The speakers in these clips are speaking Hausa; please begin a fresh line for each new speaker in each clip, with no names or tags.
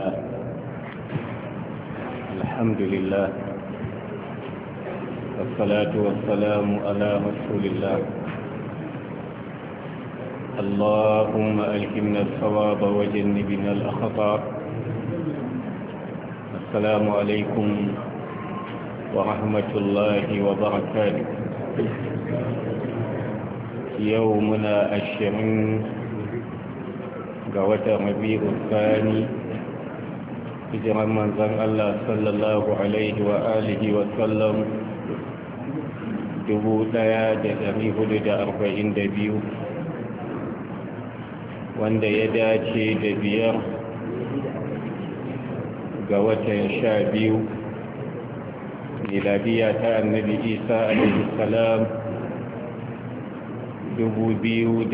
الله الحمد لله والصلاة والسلام على رسول الله اللهم ألهمنا الصواب وجنبنا الأخطاء السلام عليكم ورحمة الله وبركاته يومنا الشمس ga ربيع الثاني hijiran manzan Allah sallallahu alaihi wa alihi wa sallam 1442 wanda ya dace da biyar ga watan sha biyu miladiya ta annabi isa alaihi salam 2020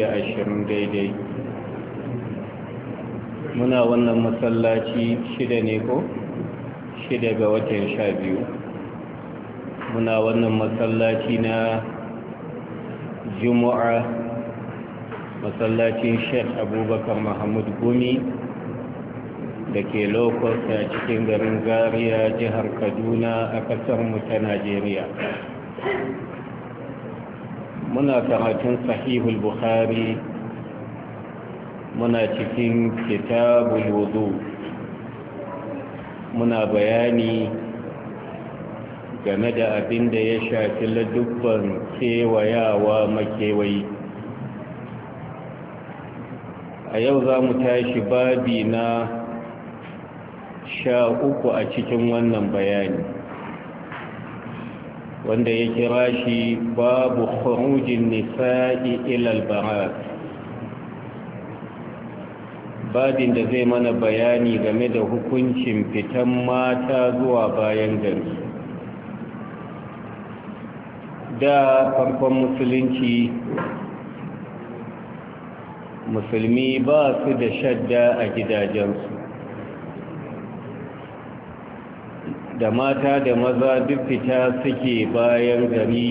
daidai muna wannan masallaci shida ne ko shida ga watan sha biyu muna wannan masallaci na juma'a masallacin shek abubakar mahmud gumi da ke lokos a cikin garin zaria jihar kaduna a kasarmu ta najeriya muna karatun sahihul buhari muna cikin kitabul wudu muna bayani game da abin da ya shafi ladubban kewayawa makewayi a yau za mu tashi babi na sha uku a cikin wannan bayani wanda ya kira shi babu khurujin nisa'i ilal barat babin da zai mana bayani game da hukuncin fitan mata zuwa bayan gari da farkon musulunci musulmi ba su da shadda a gidajensu da mata da maza duk fita suke bayan gari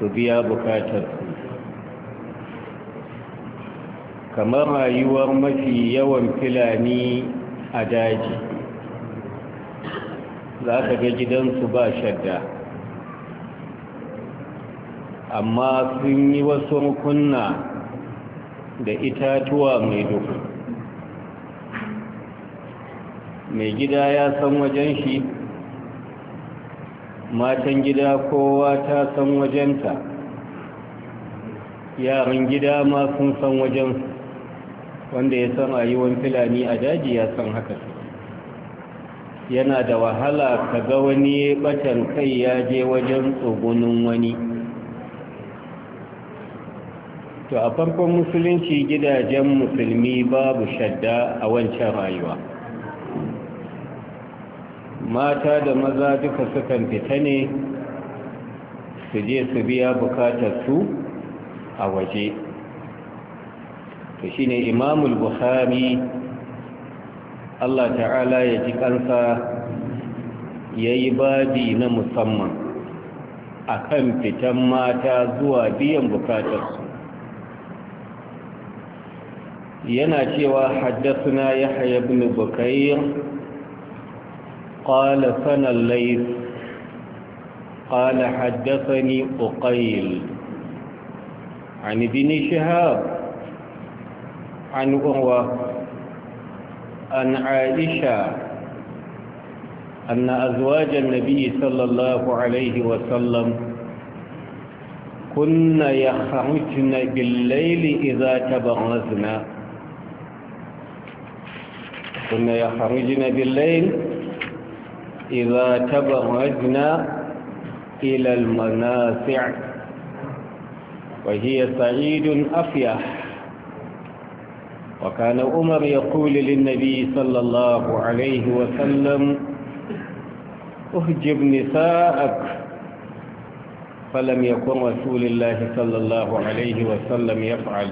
su biya bukatarsu kamar rayuwar mafi yawan filani a daji za ka ga gidansu ba shadda amma sun yi wasu rukunna da itatuwa mai duhu mai gida ya san wajen shi matan gida kowa ta san wajenta yaran gida ma sun san wajensu wanda ya san rayuwar filani a daji ya san haka yana da wahala ka ga wani batan kai ya je wajen tsogonin wani to a farkon musulunci gidajen musulmi babu shadda a wancan rayuwa mata da maza duka sukan fita ne su je su biya bukatar su a waje to shine imamul bukhari Allah ta'ala ya ji kansa yayi badi na musamman akan fitan mata zuwa biyan bukatarsu yana cewa haddasuna yahya ibn bukayr qala sana al-layth qala haddathani uqayl ni ibn shihab عن أروة عن عائشة أن أزواج النبي صلى الله عليه وسلم كن يخرجن بالليل إذا تبرزنا كنا يخرجن بالليل إذا تبرزن إلى المنافع وهي سعيد أفيح وكان عمر يقول للنبي صلى الله عليه وسلم اهجب نساءك فلم يكن رسول الله صلى الله عليه وسلم يفعل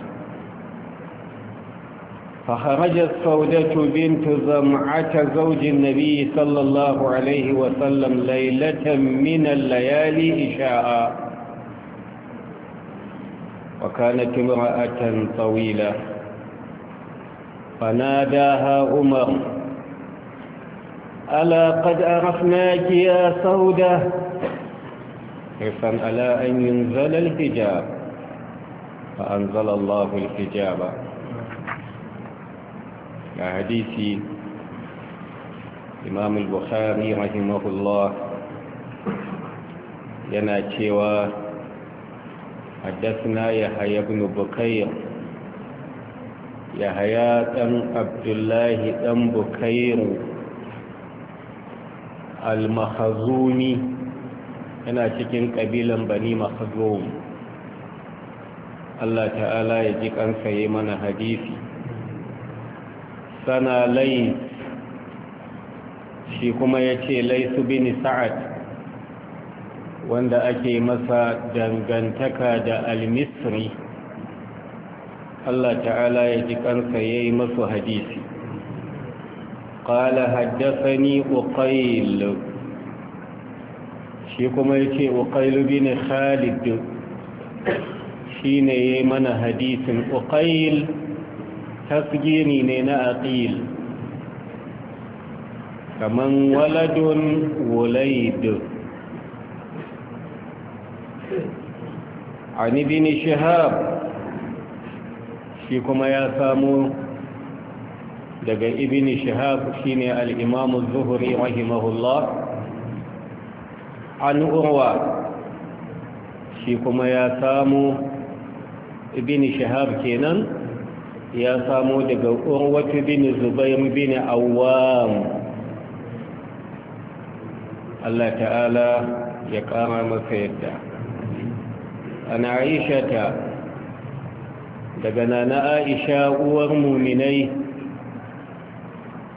فخرجت سودة بنت زمعة زوج النبي صلى الله عليه وسلم ليلة من الليالي إشاء وكانت امرأة طويلة فناداها عمر ألا قد عرفناك يا سودة حرصا على أن ينزل الحجاب فأنزل الله الحجاب حديث إمام البخاري رحمه الله يناتي حدثنا يحيى بن بكير yahaya ɗan abdullahi ɗan bukairu al-mahazumi yana cikin ƙabilan bani mahazumi Allah ta'ala ya ji kansa yi mana hadisi sana lai shi kuma ya ce laisu bin sa'ad wanda ake masa dangantaka da almisri Allah ta'ala ya ji kansa yayi masu hadisi haddasa ni, uqayl shi kuma yace uqayl bin khalid ya yi mana hadisin uqayl tasgini ne na aƙil. kaman waladun wulaid عن ابن شهاب shi kuma ya samu daga ibn shihab shine al-imam az rahimahullah an urwa shi kuma ya samu ibn shihab kenan ya samu daga urwatu bin Zubairu bin awwam Allah ta'ala ya ƙara masa yadda ana aisha ta daga nana Aisha, uwar muminai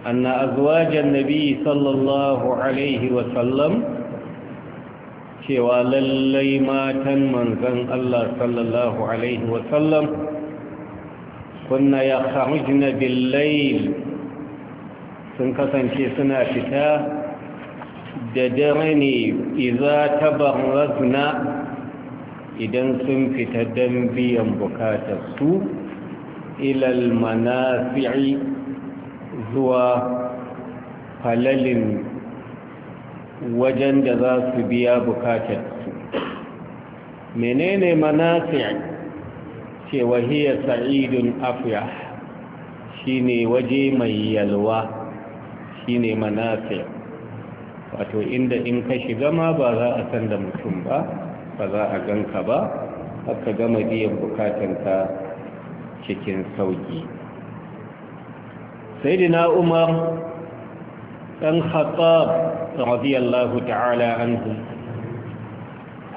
an na azuwajen nabi sallallahu alaihi wasallam cewa lallai matan manzan Allah sallallahu alaihi wasallam kuna ya kharujna billail sun kasance suna fita da dare ne iza tabarazna idan sun fita don biyan bukatarsu ilal manafi'i zuwa falalin wajen da za su biya bukatarsu menene manafi'i ce wahiyar sa'idun afiya shine waje mai yalwa shine manafi'i wato inda in ka shiga ma ba za a san da mutum ba ba za a ganka ba haka gama biyan bukatanka cikin sauki sayyidina umar dan khattab radiyallahu ta'ala anhu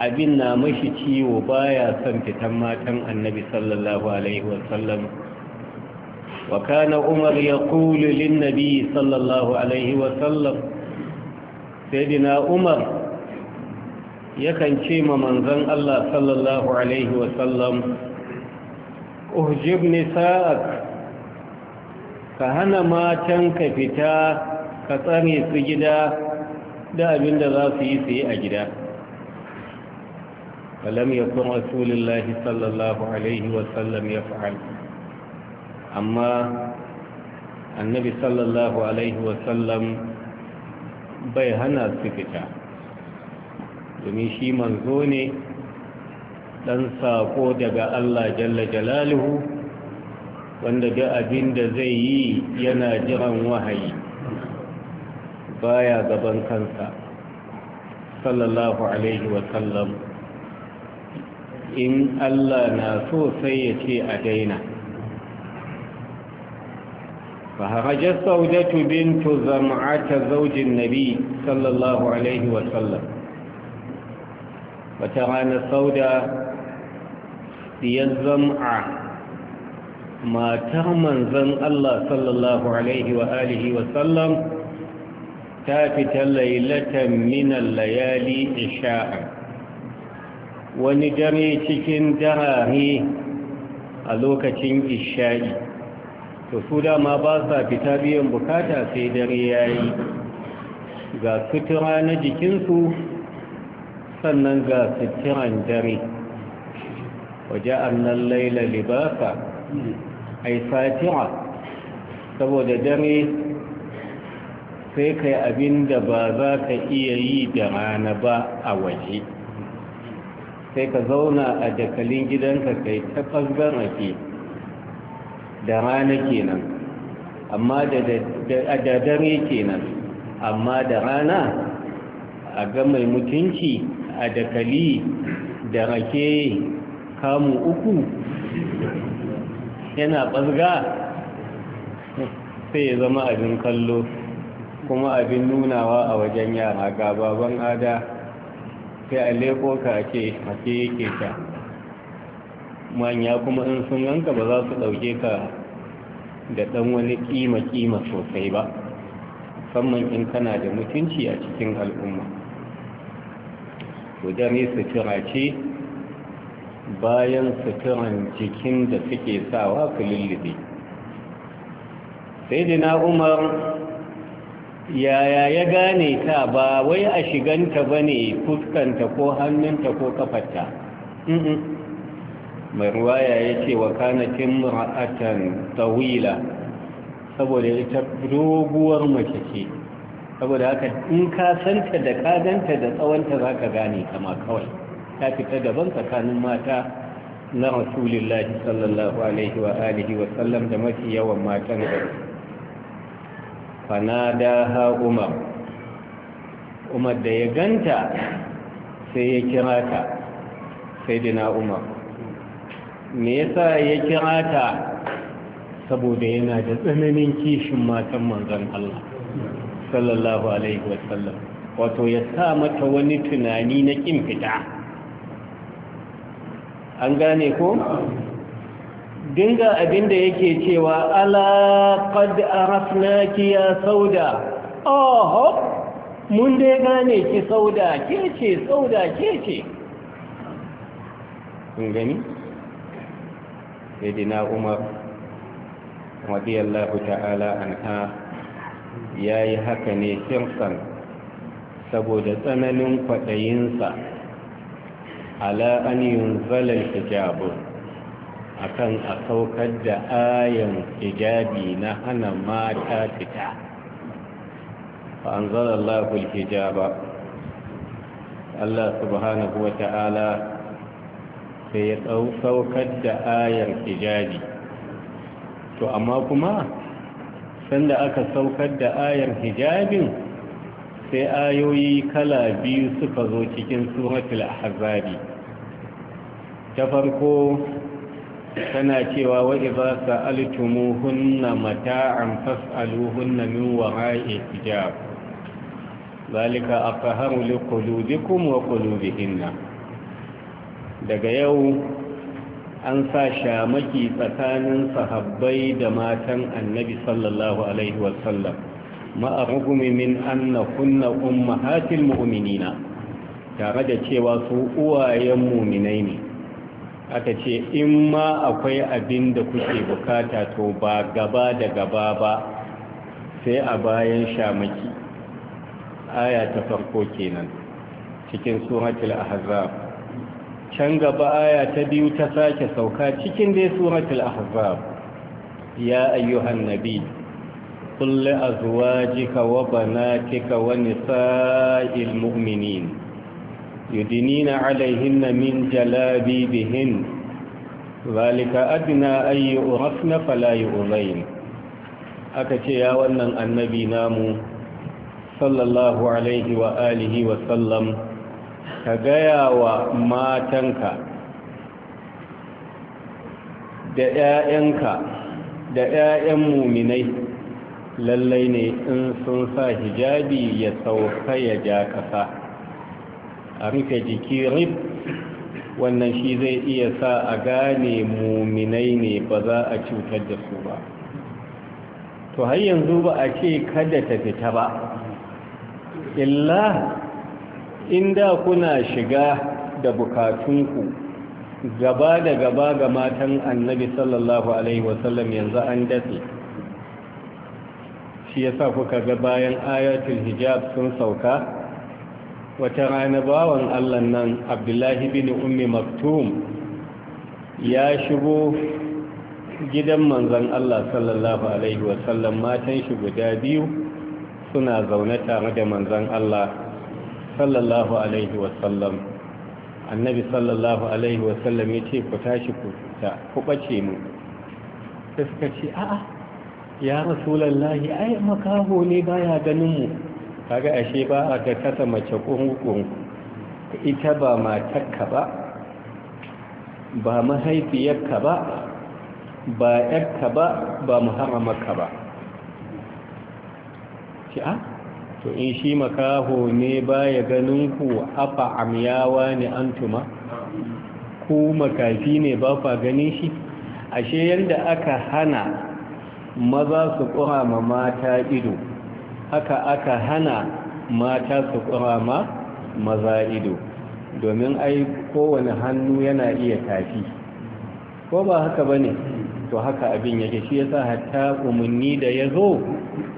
abin na mashi ciwo baya son fitan matan annabi sallallahu alaihi wasallam wa kana umar yaqulu lin nabi sallallahu alaihi wasallam sayyidina umar yakan ce ma manzan Allah sallallahu Alaihi wasallam uhjib nisa'ak ka hana matan ka fita ka tsare su gida da abin da za su yi su yi a gida falam ya kun rasulillahi sallallahu Alaihi wasallam ya fa'al amma annabi sallallahu Alaihi wasallam bai hana su fita domin shi manzo ne dan sako daga Allah jalla jalaluhu wanda duk abin da zai yi yana jiran wahayi baya gaban kansa sallallahu alaihi wa sallam in Allah na so sai ya ce a daina فهرجت saudatu بنت زمعة زوج nabi صلى الله عليه wata rana sauda diyar zam'a matar manzan Allah sallallahu Alaihi wasallam ta fita lailatan minan layali isha'a wani dare cikin darare a lokacin isha'i to su dama ba sa fita biyan bukata sai dare yayi ga sutura na jikinsu sannan ga sitiran dare waje annan laila libasa ai satira saboda dare sai kai abin da ba za ka iya yi da rana ba a waje sai ka zauna a dakalin gidanka kai ta ɓangaren ake da rana kenan amma da dare kenan amma da rana a ga mai mutunci Adakali dakali da rake kamu uku yana ɓazga sai ya zama abin kallo kuma abin nunawa a wajen yara ga baban ada sai a leko ka ce mace yake ta manya kuma in sun yanka ba za su ɗauke ka da ɗan wani ƙima-ƙima sosai ba musamman in kana da mutunci a cikin al'umma gudane sutura ce bayan suturan jikin da suke sawa su lullube sai dina umar yaya ya gane ta ba wai a shiganta ba ne fuskanta ko hannunta ko kafata mai ruwaya ya ce wa kanakin ra'atan tawila saboda ita doguwar mace ce saboda haka in ka san ta da ka ganta da tsawonta za ka gane kama kawai ta fita daban tsakanin mata na rasulullahi sallallahu alaihi wa alihi wa sallam da mafi yawan matan gari fanada ha umar umar da ya ganta sai ya kira ta sai dina umar me yasa ya kira ta saboda yana da tsananin kishin matan manzon Allah sallallahu alaihi wasallam wato ya sa mata wani tunani na kin fita an gane ko dinga abinda yake cewa ala qad arafnaki ya sauda oho mun dai gane ki sauda ke ce sauda ke ce kun gani sayyidina umar radiyallahu ta'ala anha
ya yi haka ne kirsan
saboda tsananin kwaɗayinsa ala an yin zalar hijabun a kan a saukar da ayan hijabi na hana mata fita an zalar hijaba Allah subhanahu wa ta'ala sai ya saukar da ayar hijabi to amma kuma sanda aka saukar da ayar hijabin sai ayoyi kala biyu suka zo cikin suratul ahzabi ta farko tana cewa wa idza sa'altumuhunna mata'an fas'aluhunna min wara'i hijab zalika aqharu liqulubikum wa qulubihinna daga yau an sa shamaki tsakanin sahabbai da matan annabi sallallahu alaihi wasallam ma'arugumi min anna kunna ummahatil mu'minina tare da cewa su uwayen muminai ne aka ce in ma akwai abin da kuke bukata to ba gaba da gaba ba sai a bayan shamaki aya ta farko kenan cikin suratul ahzab can gaba aya ta biyu ta sake sauka cikin dai suratul ahzab ya ayyuhan nabi qul li azwajika wa banatika wa nisa'il mu'minin yudinina 'alayhinna min jalabibihin zalika adna an yu'rafna fala yu'zain aka ce ya wannan annabi namu sallallahu alaihi wa alihi wa sallam ka gaya wa matanka da 'ya'yanka da 'ya'yan muminai lallai ne in sun sa hijabi ya sauka ya ja kasa a rufe jiki rib wannan shi zai iya sa a gane muminai ne ba za a cutar da su ba to har yanzu ba a ce kada ta fita ba illa inda kuna shiga da bukatunku gaba da gaba ga matan annabi sallallahu alaihi wasallam yanzu an datse shi yasa kuka ga bayan ayatul hijab sun sauka wata rana bawan allah nan abdullahi bin ummi maktum ya shigo gidan manzan allah sallallahu alaihi wasallam matan shi guda biyu suna zaune tare da manzon allah sallallahu alaihi wasallam annabi sallallahu alaihi wasallam ya ce ku tashi ku ɓace mu sai suka ce a'a ya rasulallahi ai makaho ne baya ganin mu kaga ashe ba a ga kasa mace kungun ita ba matakka ba ba mahaifiyarka ba ba ƴarka ba ba muharramarka ba ce a to in shi makaho ne baya ganin ku afa amyawa ne antuma ku makafi ne ba fa ganin shi ashe yanda aka hana maza su ƙurama mata ido haka aka hana mata su maza ido domin ai kowane hannu yana iya tafi ko ba haka ba ne to haka abin yake shi yasa hatta umarni da ya zo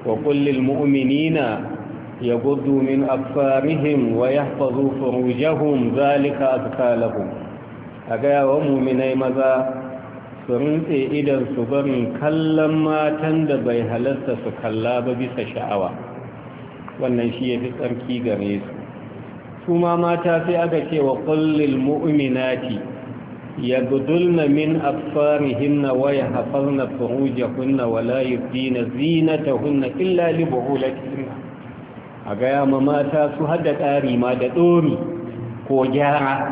wa kullil mu'minina يغضوا من أبصارهم ويحفظوا فروجهم ذلك أزكى لهم أجا ومؤمني ماذا سرنتي إذا سبر كلم ما تند بي هلست سكلا ببس شعوى wannan shi ya fi tsarki gare su su ma mata sai aka ce wa kullil mu'minati yagdulna min afsarihinna wa yahfazna furujahunna wa la yubdina zinatahunna illa a gaya ma mata su hada ƙari ma da ɗori ko gyara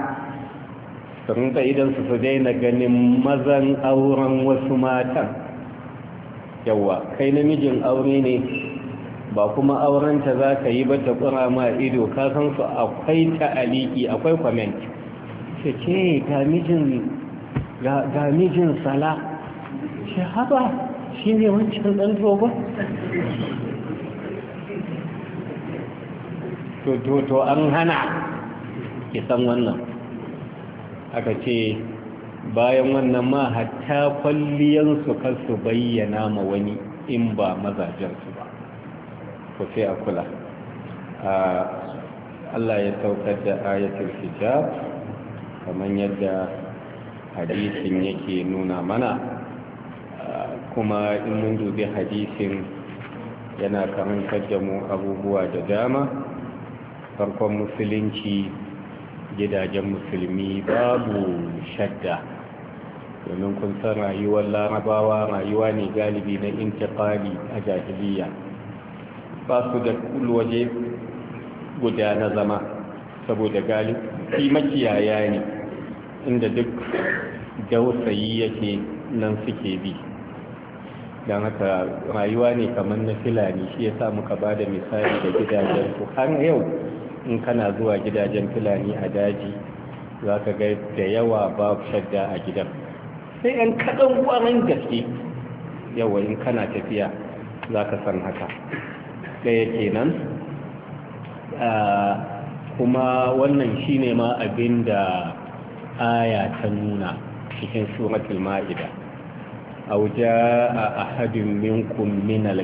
su idan su su daina ganin mazan auren wasu mata. yawa kai namijin aure ne ba kuma aurenta za ka yi ba ta ƙura ma ido ka san akwai ta'aliki akwai kwament ce ce eh, ga mijin sala shi haba shi ne wancan ɗan zobon
to an hana ki san wannan
aka ce bayan wannan ma hatta kwalliyansu kar su bayyana ma wani in ba mazajensu ba ku sai a kula Allah ya saukar da ayatul hijab kamar yadda hadisin yake nuna mana kuma in mun dubi hadisin yana karantar da abubuwa da dama farkon musulunci gidajen musulmi babu shadda domin kun san rayuwar larabawa rayuwa ne galibi na intiqali a jahiliya ba su da waje guda na zama saboda galibi makiyaya ne inda duk dausayi yake nan suke bi don haka rayuwa ne kamar na filani shi ya sa muka ba da misali da gidajen su har yau in kana zuwa gidajen filani a daji za ka ga da yawa babu shadda a gidan sai yan kaɗan ƙwarin gaske yawa in kana tafiya za ka san haka ɗaya kenan kuma wannan shi ne ma abin da aya ta nuna cikin suratul ma'ida auja a ahadin minkum min al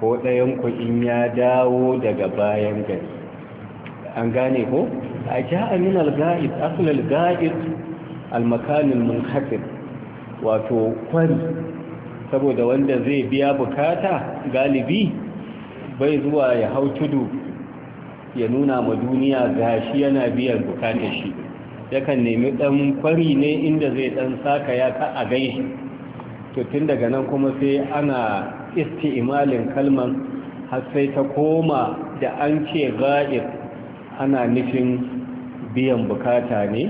ko ɗayan ku in ya dawo daga bayan gari an gane ko a a min al-ga'id asl al-ga'id al wato kwari saboda wanda zai biya bukata galibi bai zuwa ya hau tudu ya nuna ma duniya gashi yana biyan bukatar shi yakan nemi ɗan kwari ne inda zai ɗan saka ya ka a gaishi to tun daga nan kuma sai ana isti'imalin kalman har sai ta koma da an ce ga'ir ana nufin biyan bukata ne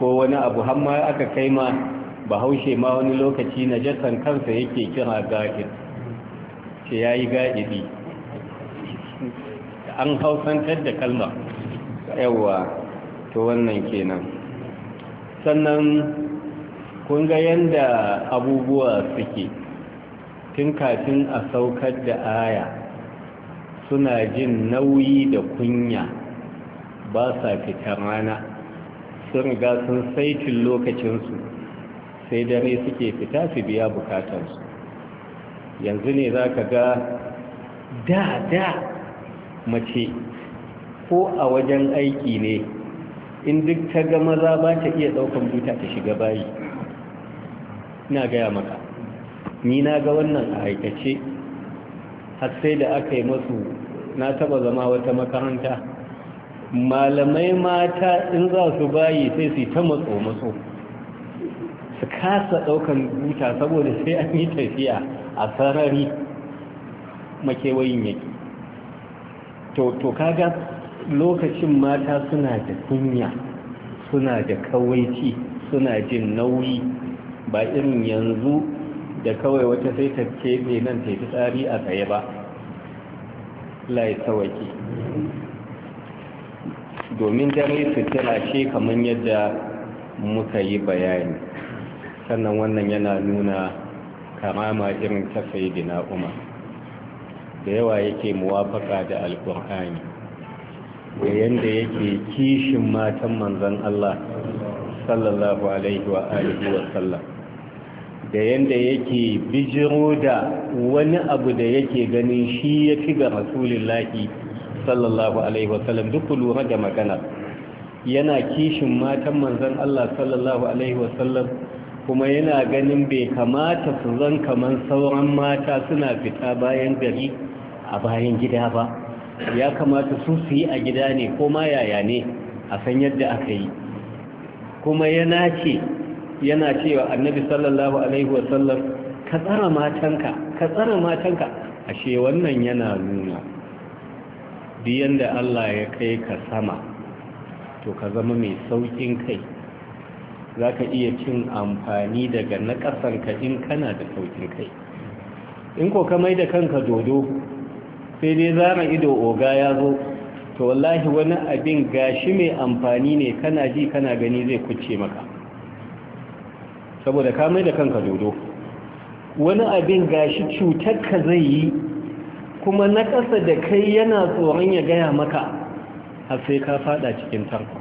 ko wani abu hamma aka kai ma bahaushe ma wani lokaci na jasan kansa yake kira ga'ir ce ya yi ga'iri an hausantar da kalma yawa to wannan kenan sannan kun ga yadda abubuwa suke tun kafin a saukar da aya suna jin nauyi da kunya ba sa fitar rana sun riga sun saitin lokacinsu sai dare suke fita su biya bukatarsu yanzu ne za ka ga da da mace ko a wajen aiki ne in duk ta ga maza ba ta iya daukan buta ta shiga bayi ina gaya maka ni na ga wannan a aikace har sai da aka yi masu na taba zama wata makaranta malamai mata in za su bayi sai su yi ta matso-matso su kasa daukan buta saboda sai an yi tafiya a sarari makewayin yake to kaga lokacin mata suna da kunya suna da kawaici suna jin nauyi ba irin yanzu da kawai wata sai ta keɓe nan ta yi tsari a tsaye ba lai tsawaki domin dare fitila ce kamar yadda muka yi bayani sannan wannan yana nuna karama irin ta da na'uma da yawa yake muwafaka da alkur'ani da yadda yake kishin matan manzan Allah sallallahu alaihi wa alihi wa sallam da yanda yake bijiro da wani abu da yake ganin shi ya ci ga rasulullahi sallallahu alaihi wasallam duk lura da magana yana kishin matan manzon Allah sallallahu alaihi wasallam kuma yana ganin bai kamata su zan kaman sauran mata suna fita bayan gari a bayan gida ba ya kamata su su yi a gida ne ko ma yaya ne a san yadda aka yi kuma yana ce yana cewa annabi sallallahu alaihi wasallam ka tsara matanka ka tsara matanka ashe wannan yana nuna biyan da Allah ya kai ka sama to ka zama mai saukin kai za iya cin amfani daga na ka in kana da saukin kai in ko ka maida kanka dodo sai dai zara ido oga ya zo to wallahi wani abin gashi mai amfani ne kana ji kana gani zai kuce maka saboda ka mai da kanka dodo wani abin gashi cutar ka zai yi kuma na ƙasa da kai yana tsoron ya gaya maka har sai ka fada cikin tarko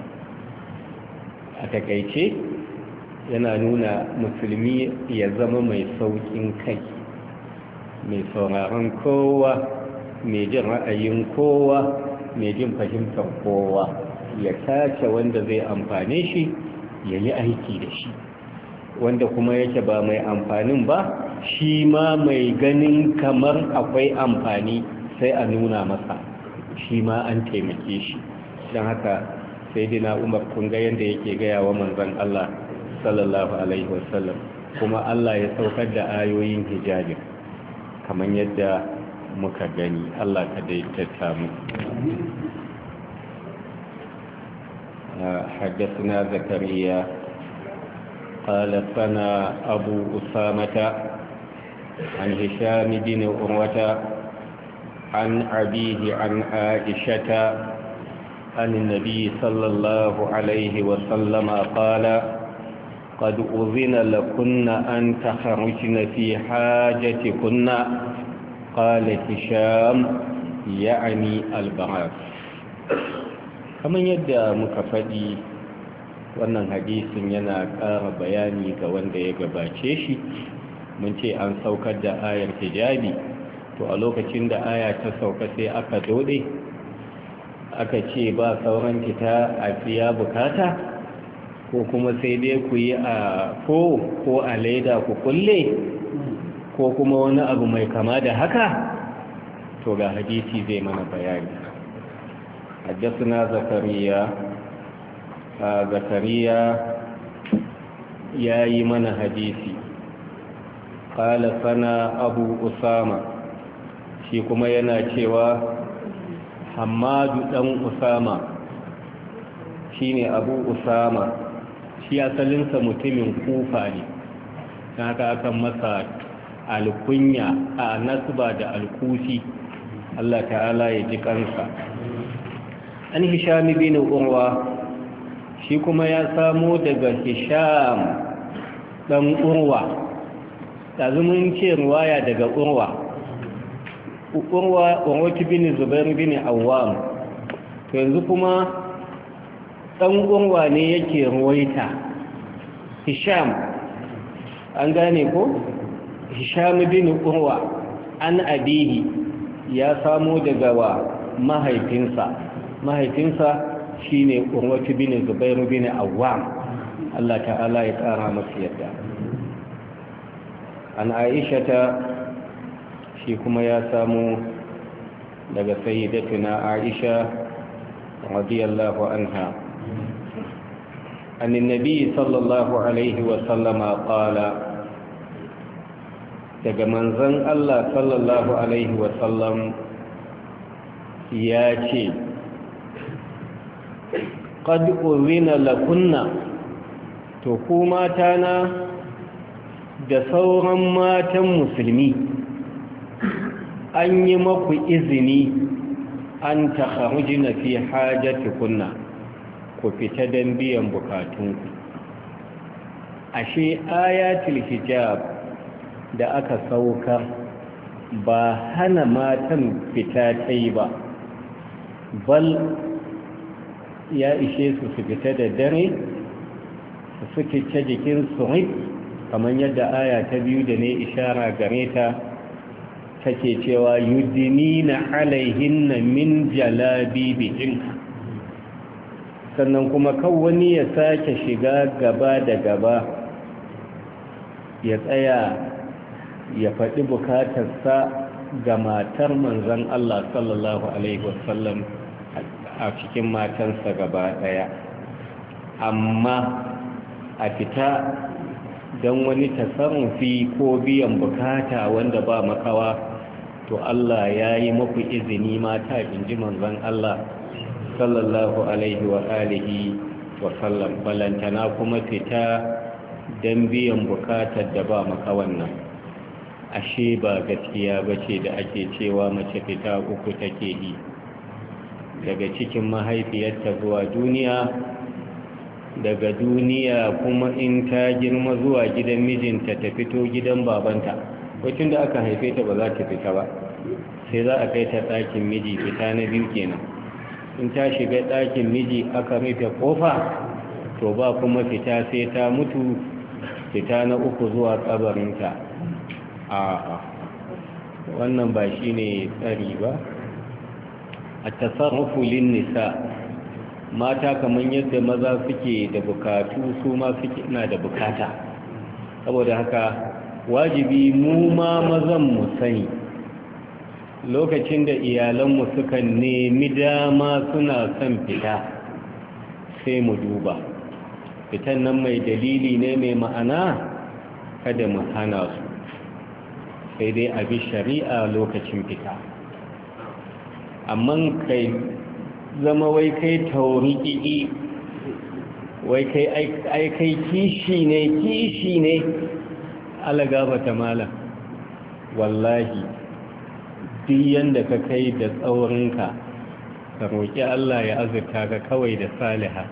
a takaice yana nuna musulmi ya zama mai saukin kai mai sauraron kowa mai jin ra'ayin kowa mai jin fahimtar kowa ya tace wanda zai amfane shi ya yi aiki da shi wanda kuma yake ba mai amfanin ba shi ma mai ganin kamar akwai amfani sai a nuna masa shi ma an taimake shi don haka sai dai na umar kunga yadda yake gaya wa manzan Allah sallallahu alaihi wasallam kuma Allah ya saukar da ayoyin hijabin kamar yadda muka gani Allah ka daidaita mu حدثنا ah, زكريا قال ثنا أبو أسامة عن هشام بن عروة عن أبيه عن عائشة عن النبي صلى الله عليه وسلم قال قد أذن لكن أن تخرجن في حاجتكن قال هشام يعني البعث kamar yadda muka faɗi wannan hadisin yana ƙara bayani ga wanda ya gabace shi mun ce an saukar da ayar hijabi to a lokacin da aya ta sauka sai aka dode aka ce ba sauran kita a fiya bukata ko kuma sai dai ku yi a ko ko a laida ku kulle ko kuma wani abu mai kama da haka to ga hadisi zai mana bayani حدثنا زكريا zakariya ya yi mana hadisi ƙala sana abu usama shi kuma yana cewa hamadu ɗan usama shi ne abu usama shi asalinsa mutumin kufa ne na kakan masa alkunya a nasba da alkufi Allah ta'ala ya ji kansa an hishami bin urwa shi kuma ya samo daga hisham ɗan urwa mun ce ruwaya daga urwa urwa urwaki bini zubair bin awam to yanzu kuma ɗan urwa ne yake ruwaita hisham an gane ko hisham bin urwa an abihi ya samo daga wa mahaifinsa mahaifinsa Shi ne urwatu bin Zubairu bine awwam Allah ta'ala ya tsara masu yadda an aisha ta shi kuma ya samu daga sayyidatuna aisha radiyallahu anha عن النبي صلى الله عليه وسلم قال daga manzan Allah sallallahu alaihi wasallam ya ce qad urina lakunna to ku mata na da sauran matan musulmi an yi maku izini an takharujina fi kunna ku fita don biyan ku ashe ayatul hijab da aka sauka ba hana matan fita ta yi ba bal ya ishe su su fita da dare su suke ce jikin surit kamar yadda aya ta biyu da ne ishara gare ta take cewa yudinina na min jalabibihin sannan kuma wani ya sake shiga gaba da gaba ya tsaya ya faɗi bukatarsa ga matar manzan Allah sallallahu Alaihi wasallam a cikin matansa gaba ɗaya amma a fita don wani tasarrufi ko biyan bukata wanda ba makawa to Allah ya yi maku izini mata in ji manzan Allah sallallahu alaihi wa alihi wa sallam balantana kuma fita don biyan bukatar da ba makawan nan ashe ba gaskiya ba ce da ake cewa mace fita uku take yi daga cikin mahaifiyarta zuwa duniya daga duniya kuma in ta girma zuwa gidan mijinta ta fito gidan babanta wacin da aka haife ta ba za ta fita ba sai za a kai ta ɗakin miji fita na biyu kenan in ta shiga ɗakin miji aka rufe ƙofa to ba kuma fita sai ta mutu fita na uku zuwa ƙabarinta a wannan ba shi ne tsari ba a tasarrufu nisa mata kamar yadda maza suke da bukatu su ma suke na da bukata saboda haka wajibi mu ma mazan mu sani lokacin da iyalanmu suka nemi dama suna son fita sai mu duba fitan nan mai dalili ne mai ma'ana kada mu hana su sai dai a bi shari'a lokacin fita amma kai zama wai kai tauriki wai kai ai kai kishi ne kishi ne alaga bata mala wallahi duk yanda ka kai da tsaurinka ka roƙi Allah ya azurta ka kawai da saliha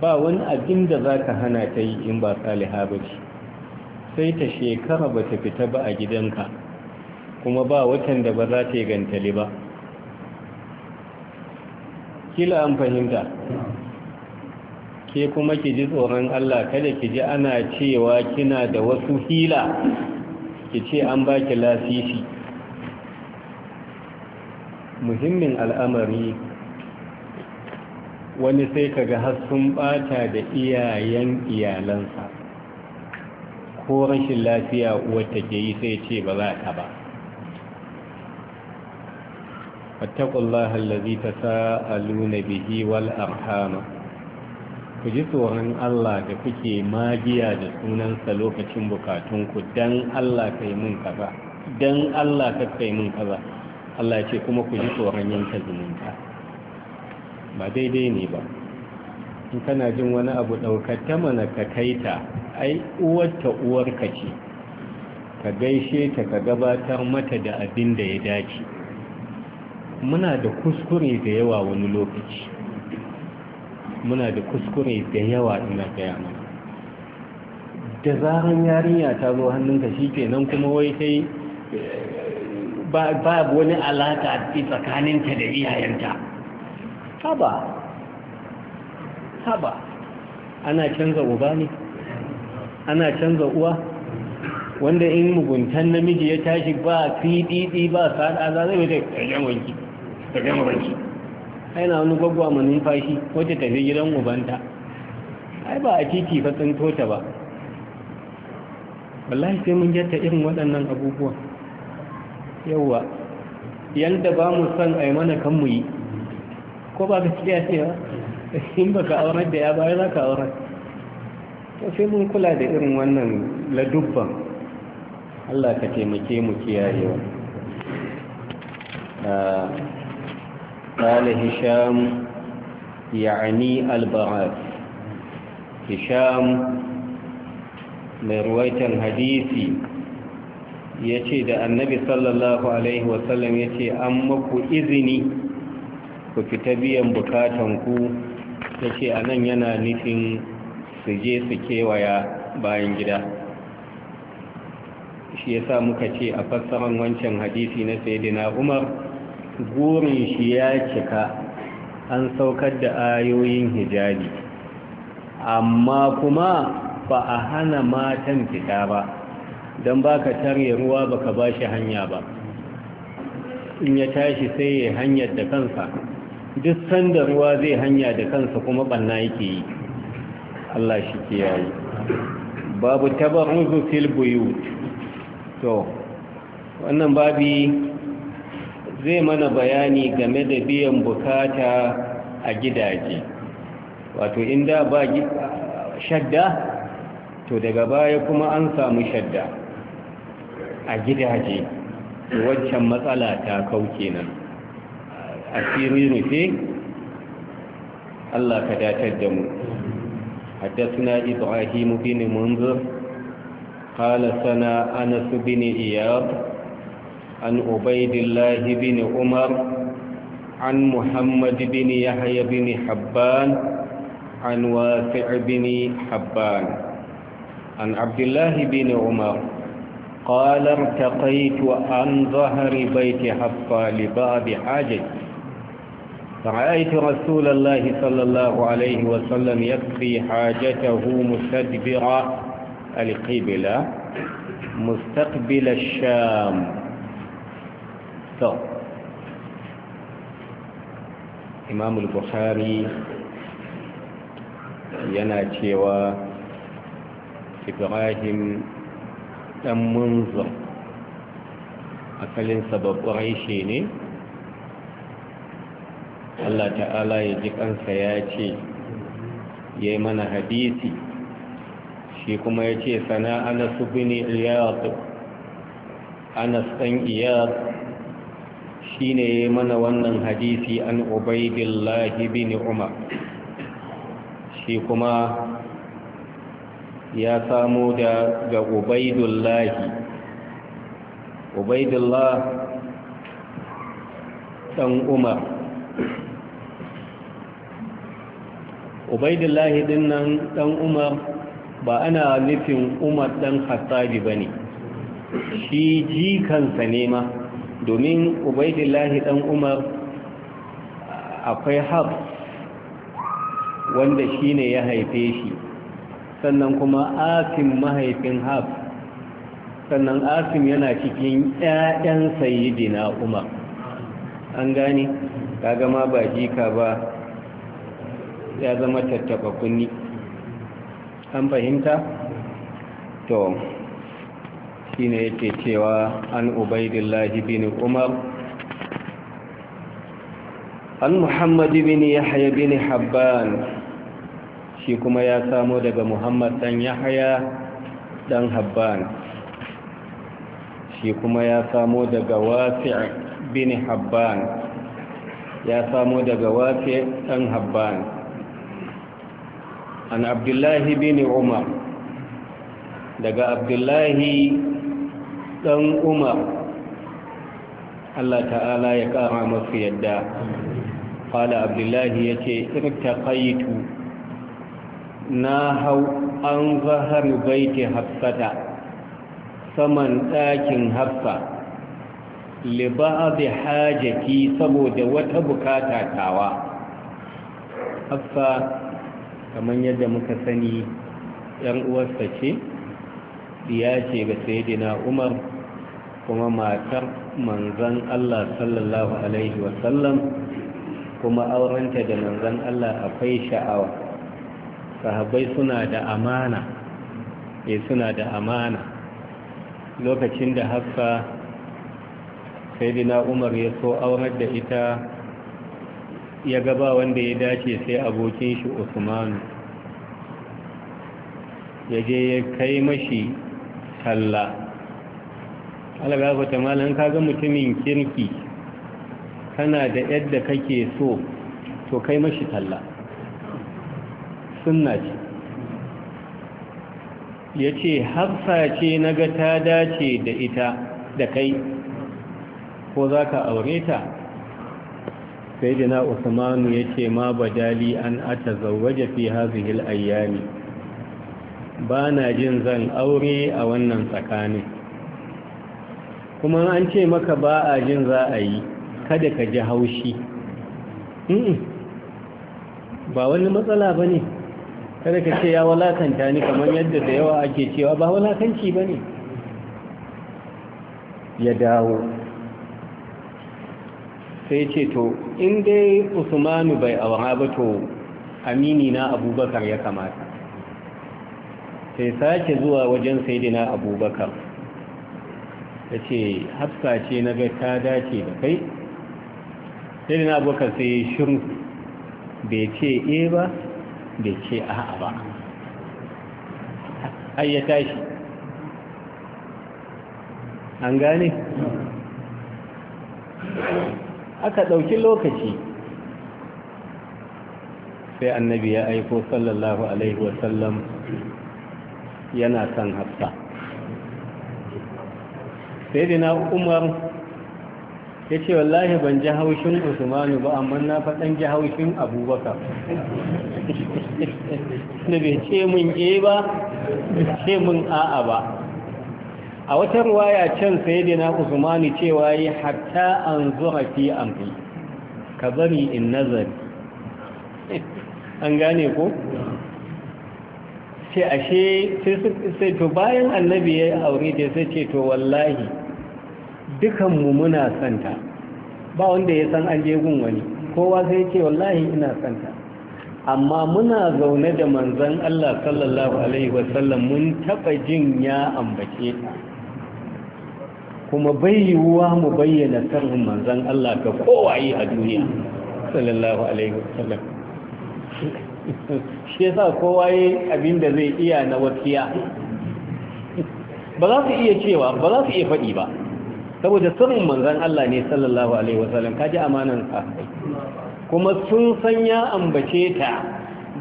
ba wani abin da za ka hana ta yi in ba saliha ba ce sai ta shekara ba ta fita ba a gidanka kuma ba watan da ba za ta yi gantali ba kila an fahimta ke kuma ki ji tsoron Allah kada ki ji ana cewa kina da wasu hila ki ce an baki lasisi muhimmin al'amari wani sai kaga har bata da iyayen iyalansa ko rashin lafiya wata ke yi sai ce ba za ta ba واتقوا الله الذي تساءلون به والأرحام فجسوا عن الله فكي ما ماجيا جسونا سلوك تنكو دن الله كيمون كذا دن الله كيمون كذا الله يشيكم وكجسوا عن ينتزمون ba daidai ne ba in kana jin wani abu ta mana ka kaita ai uwarta uwarka ce ka gaishe ta ka gabatar mata da abin da ya dace muna da kuskure da yawa wani lokaci muna da kuskure da yawa ina gaya mana da zaran yarinya ta zo hannunka shi ke nan kuma wai sai ba wani alaka tsakaninta da
iyayenta
haba haba ana canza uba ne ana canza uwa wanda in muguntan namiji ya tashi ba didi ba sa'a za zai wata ƙaryen wanki ka gama ai na wani gwagwa mu numfashi wacce tafi gidan ubanta ai ba a titi fa tsinto ta ba wallahi sai mun jatta irin waɗannan abubuwa yawwa yanda ba mu san ai mana kan mu yi ko ba ka ce ba in ba ka aurar da ya bayar za ka aurar to sai mun kula da irin wannan ladubban Allah ka taimake mu kiyayewa ah. قال هشام يعني البراس هشام mai ruwaitan hadisi ya ce da annabi sallallahu ya ce an maku izini ku fita biyan bukatanku ya ce a nan yana nufin su je su kewaya bayan gida shi ya sa muka ce a fassarar wancan hadisi na sayidina umar gore shi ya cika an saukar da ayoyin hijabi amma kuma ba a hana matan fita ba don ba ka tare ruwa ba ka ba shi hanya ba in ya tashi sai ya hanyar da kansa duk sanda ruwa zai hanya da kansa kuma ɓanna yake yi Allah shi ke yayi babu tabarruzu fil buyut to wannan babi zai mana bayani game da biyan bukata a gidaje wato inda ba shadda to daga baya kuma an samu shadda a gidaje waccan matsala ta kauke nan A asiri rufe Allah ka datar da mu حدثنا إبراهيم bin منذر قال سنا أنس بن إياب عن عبيد الله بن عمر عن محمد بن يحيى بن حبان عن واسع بن حبان عن عبد الله بن عمر قال ارتقيت عن ظهر بيت حفا لبعض حاجتي فرأيت رسول الله صلى الله عليه وسلم يكفي حاجته مستدبرا القبلة مستقبل الشام to imamul buhari yana cewa ibrahim dan munzo asalin babbar shi ne Allah ta'ala ya ji kansa ya ce ya mana hadisi shi kuma ya ce na su iyad anas dan iyad shine yayi mana wannan hadisi an Ubaidillah ibn Umar shi kuma ya samu da ga Ubaidullah Ubaidullah dan Umar Ubaidullah dinnan dan Umar ba ana nufin Umar dan ba ne, shi jikansa ne ma domin ubaidillahi dan umar akwai hab wanda shine ya haife shi sannan kuma asim mahaifin hab sannan asim yana cikin ƴaƴan sayyidina umar an gane kaga ma ba jika ba ya zama tattaba kunni an fahimta to shine yake cewa an ubaidillahi bin umar an muhammad bin yahya bin habban shi kuma ya samo daga muhammad dan yahya dan habban shi kuma ya samo daga wasi bin habban ya samo daga wasi dan habban an abdullahi bin umar daga abdullahi ɗan umar Allah ta'ala ya ƙara masu yadda fada abdullahi ya ce na hau an zahar baiti hafsata saman ɗakin hafsa liba'adhi hajati saboda wata bukata tawa hafsa kamar yadda muka sani yan uwarsa ce ya ce ga sayidina umar kuma matar manzan allah sallallahu alaihi wasallam kuma aurenta da manzan allah akwai sha'awa sahabbai suna da amana e suna da amana lokacin da hafsa sayidina umar ya so aurar da ita ya gaba wanda ya dace sai abokin shi usmanu Yaje ya kai mashi Talla, alaga ku ta malan kaga mutumin kirki kana da yadda kake so to kai mashi talla sunna ce ya hafsa ce na ga ta dace da ita da kai ko zaka aure ta sai na usmanu yace ma badali an ata fi hadhihi al ayyami ba na jin zan aure a wannan tsakanin kuma an ce maka ba a jin za a yi kada ka ji haushi ba wani matsala ba ne kada ka ce ya walakanta ni kamar yadda da yawa ake cewa ba walakanci ba ne ya dawo sai ce to in dai usmanu bai aura ba to amini na abubakar ya kamata sai sake zuwa wajen sayidina abubakar ta ce hafsa ce na ga ta dace da kai sayidina abubakar sai shiru bai ce e ba bai ce a'a ba ayya ya tashi an gane aka ɗauki lokaci sai annabi ya aiko sallallahu alaihi wasallam yana son hafsa sai dina umar ya ce wallahi ban ji haushin usmanu ba amma na faɗan ji haushin abubakar da bai ce mun e ba ce mun a'a ba a wata ruwaya can sai dina usmanu cewa yi hatta an zuwa fi amfi ka bari in nazari an gane ko? ce ashe sai to bayan annabi ya aure da sai ce to wallahi dukanmu muna santa ba wanda ya san an je gun wani kowa sai ce wallahi ina santa amma muna zaune da manzan Allah sallallahu alaihi wasallam mun taba jin ya ambace ta kuma bai yiwuwa mu bayyana sirrin manzan Allah ga yi a duniya sallallahu alaihi wasallam shi yasa kowa yi abin da zai iya na wasiya ba za su iya cewa ba za su iya faɗi ba saboda sirrin manzon Allah ne sallallahu alaihi wasallam kaji amanan kuma sun san ya ambace ta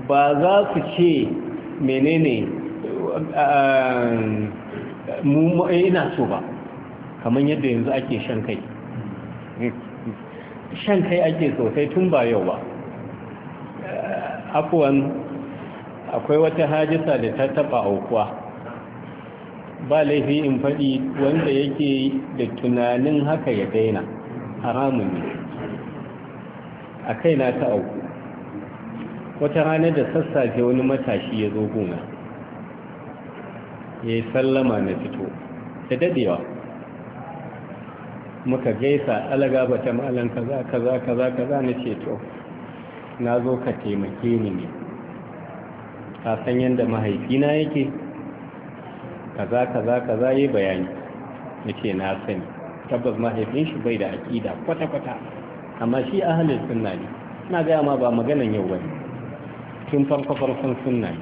ba za su ce menene mu eh, ina so ba kamar yadda yanzu ake shan kai shan kai ake sosai tun ba yau ba afuwan akwai wata hajisa da ta taba aukuwa ba laifi in faɗi wanda yake da tunanin haka ya daina haramun ne a kai na ta auku wata ranar da sassafe wani matashi ya zo gona ya yi sallama na fito da dadewa muka gaisa alaga ka za kaza kaza kaza kaza na ce na zo ka taimake ni ne ka san yadda mahaifina yake kaza kaza kaza yi bayani Na ce na sani tabbas mahaifin shi bai da aƙida kwata-kwata amma shi ahalin sunna ne na gaya ma ba maganan yau wani tun farko-farkon sunna ne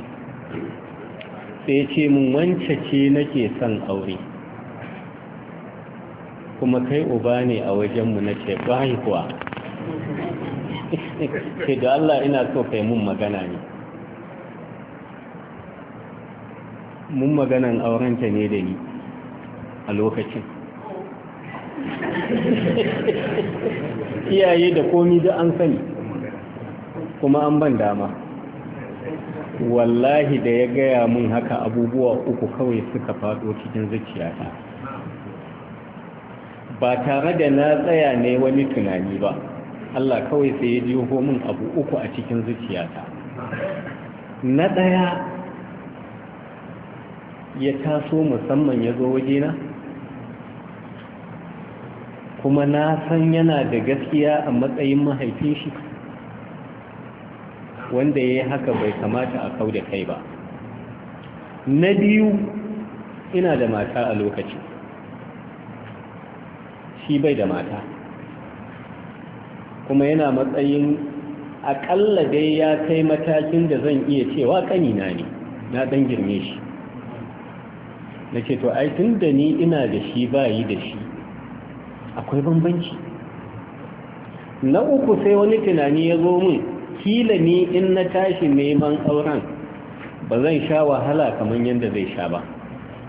sai ce mun wance ce nake son aure kuma kai uba ne a wajenmu na ce bayi kuwa ke da Allah ina so kai mun magana ne mun maganan aurenta ne da ni a lokacin iyaye da komi da an sani kuma an ban dama wallahi da ya gaya mun haka abubuwa uku kawai suka faɗo cikin zuciyata ba tare da na tsaya ne wani tunani ba Allah kawai sai ya jiho min abu uku a cikin zuciyata na ɗaya ya taso musamman ya zo na? kuma na san yana da gaskiya a matsayin mahaifin shi wanda ya yi haka bai kamata a kau kai ba na biyu ina da mata a lokaci shi bai da mata kuma yana matsayin aƙalla dai ya kai matakin da zan iya cewa ƙanina ne na ɗan girme shi na ce to ai tun da ni ina da shi bayi da shi akwai bambanci na uku sai wani tunani ya zo mun kila ni in na tashi neman auren ba zan sha wahala kamar yadda zai sha ba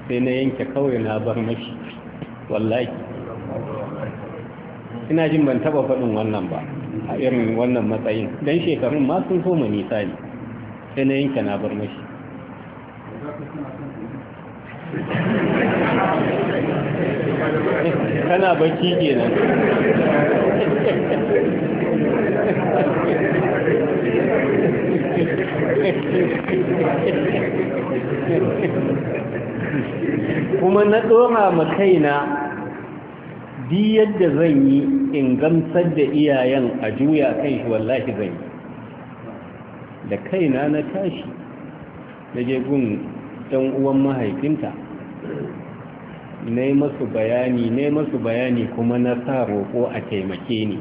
sai na yanke kawai na bar mashi wallahi ina jin ban taba faɗin wannan ba a irin wannan matsayin don shekarun ma sun koma nisa ne sai na yanka na bar mashi
kana bacci kenan kuma na ɗora ma kaina
di yadda zan yi in gamsar da iyayen a juya kan shi wallahi zan yi da kaina na tashi da je gun ɗan uwan mahaifinta na yi masu bayani na masu bayani kuma na sa roƙo a taimake ni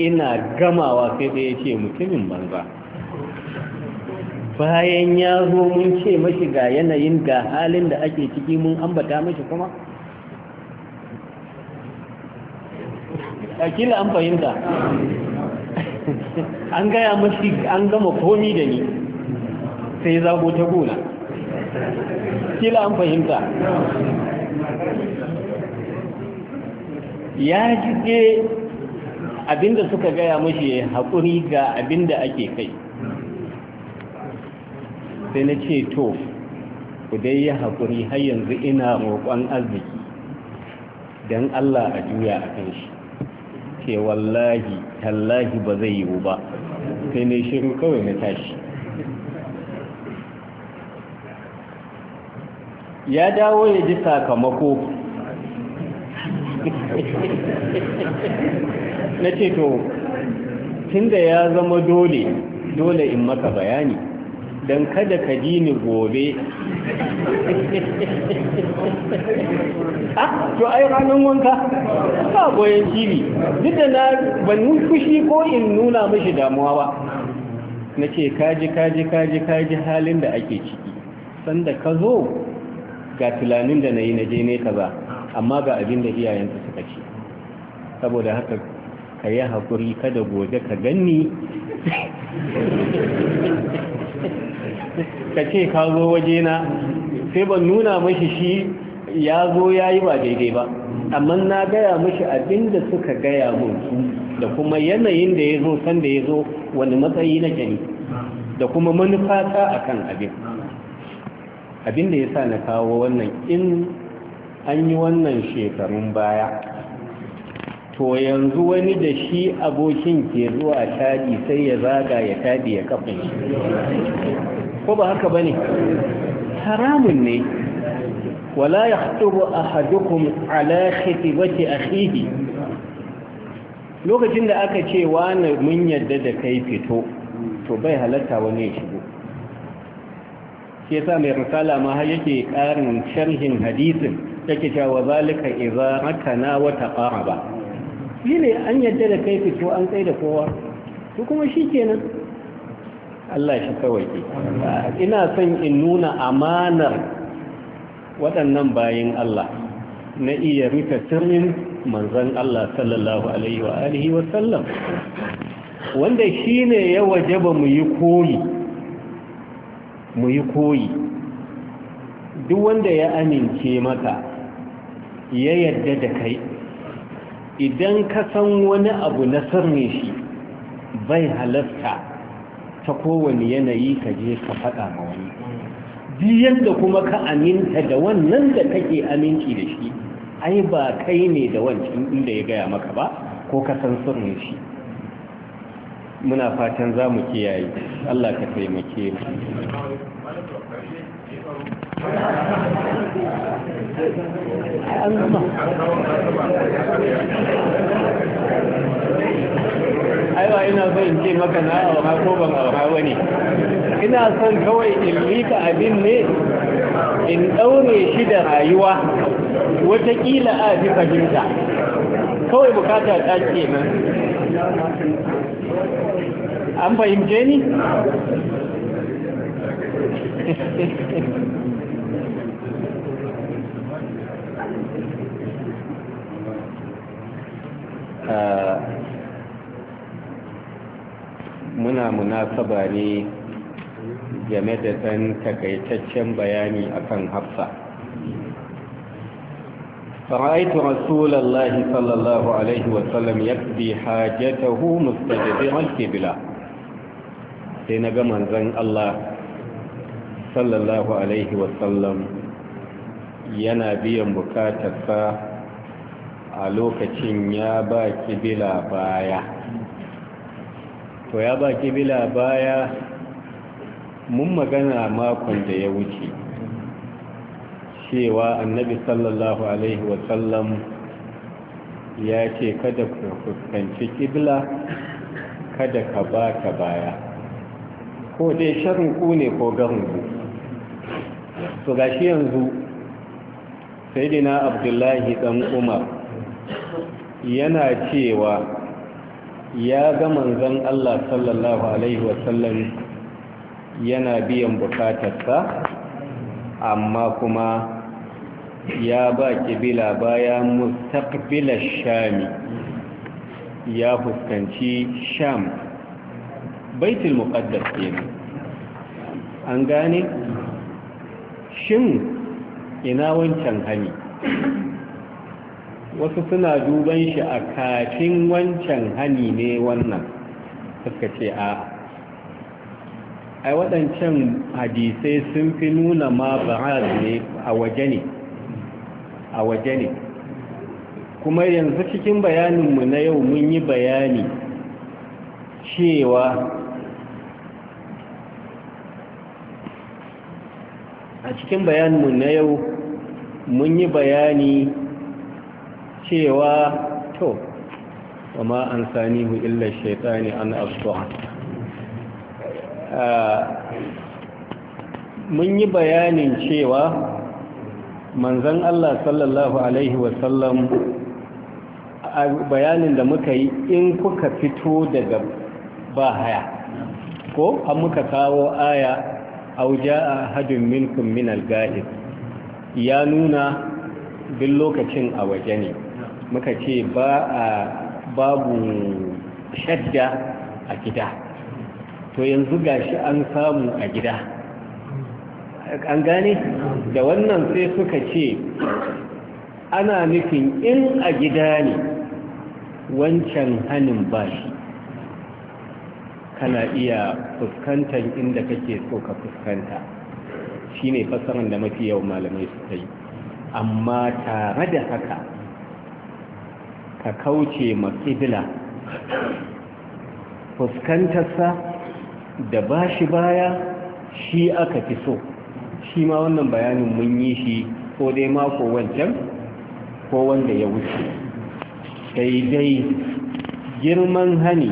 ina gamawa sai ɗaya ce mutumin banza bayan ya zo mun ce mashi ga yanayin ga halin da ake ciki mun ambata mashi kuma kila an fahimta an gaya mashi an gama komi da ni sai zago ta gona
kila an fahimta ya
abinda suka gaya mashi haƙuri ga abinda ake kai sai na ce to ku dai yi haƙuri har yanzu ina roƙon arziki don Allah a juya a kan shi ce wallahi tallahi ba zai yiwu ba sai ne shiru kawai na tashi ya dawo ya ji sakamako
na ce to
tun da ya zama dole dole in maka bayani Dan kada ka ji ni gobe ah to ai ranar wanka ba goyon shiri duk da na ban kushi ko in nuna mashi damuwa ba na ce kaji kaji kaji kaji halin da ake ciki sanda ka zo ga tulanin da na yi na je ne ka ba amma ga abin da suka ci, saboda haka ka yi haƙuri kada gobe ka ganni ka ce ka zo na sai ban nuna mashi shi ya zo ya yi ba daidai ba amma na gaya mashi abin da suka gaya mutu da kuma yanayin da ya zo san da ya zo wani matsayi na gani da kuma manufata a kan abin abin ya sa na kawo wannan in an yi wannan shekarun baya to yanzu wani da shi abokin ke zuwa shaɗi sai ya zaga ya shaɗi ya kafin shi ko ba haka bane haramun ne wala yahtubu ahadukum ala khitibati akhihi lokacin da aka ce wani mun yadda da kai fito to bai halatta wani shigo kesa mai risala ma har yake karin sharhin hadisin yake cewa zalika idza rakana wa taqaraba shine an yadda da kai fito an tsaye da kowa to kuma shikenan Allah shi kawai ke ina son in nuna amanar waɗannan bayan Allah na iya rufe sirrin manzan Allah sallallahu alaihi wa alihi wa sallam wanda shine ya ba mu yi koyi mu yi koyi duk wanda ya amince maka ya yarda da kai idan ka san wani abu na sirrin shi bai halatta ta kowane yanayi ka je ka faɗa ma wani biyan da kuma ka aminta da wannan da kake aminci da shi ai ba kai ne da wancan inda ya gaya maka ba ko ka san sirrin shi muna fatan za mu kiyaye Allah ka taimake mu an aiwa ina so in ce maka na aura ko ban aura wani ina son kawai in rika abin ne in ɗaure shi da rayuwa watakila a fi fahimta kawai bukata ta ce nan
an fahimce ni?
Uh... muna munasaba ne game da ɗan takaitaccen bayani akan hafsa fara'aitu Rasulallah sallallahu alaihi wasallam ya bi hajjatahu mustajabin kibla sai na ga manzan Allah sallallahu alaihi wasallam yana biyan bukatarsa a lokacin ya ba kibila baya to ya ba kibila baya mun magana makon da ya wuce cewa annabi sallallahu alaihi wasallam ya ce kada ku fuskanci kibla kada ka ba ta baya ko dai sharin ku ne ko garin ku to gashi yanzu sai dina abdullahi dan umar
yana cewa
ya ga manzan Allah sallallahu Alaihi wasallam yana biyan bukatarsa amma kuma ya ba kibila baya mustaqbilar shami ya fuskanci sham baitul muqaddas kenan an gane shin ina wancan hani wasu suna duban shi a kafin wancan hani ne wannan suka ce a ai waɗancan hadisai sun fi nuna ma ba'ad ne a waje ne a waje ne kuma yanzu cikin bayaninmu na yau mun yi bayani cewa a cikin bayaninmu na yau mun yi bayani cewa to kuma an sani hu illa shaitani an asuwa, ah, mun yi bayanin cewa manzan Allah sallallahu alaihi wasallam a bayanin da muka yi in kuka fito daga haya ko an muka kawo aya auja a hajjin minkum min ga'id ya nuna bin lokacin a waje ne muka ce ba a babu shadda a gida to yanzu gashi an samu a gida an gane da wannan sai suka ce ana nufin in a gida ne wancan hannun bashi kana iya fuskantar inda kake so ka fuskanta shi ne fasaran da mafi yawan malamai su yi amma tare da haka ka kauce ma fuskantar fuskantarsa da ba shi baya shi aka fi so shi ma wannan bayanin mun yi shi ko dai mako wancan ko wanda ya wuce Daidai girman hani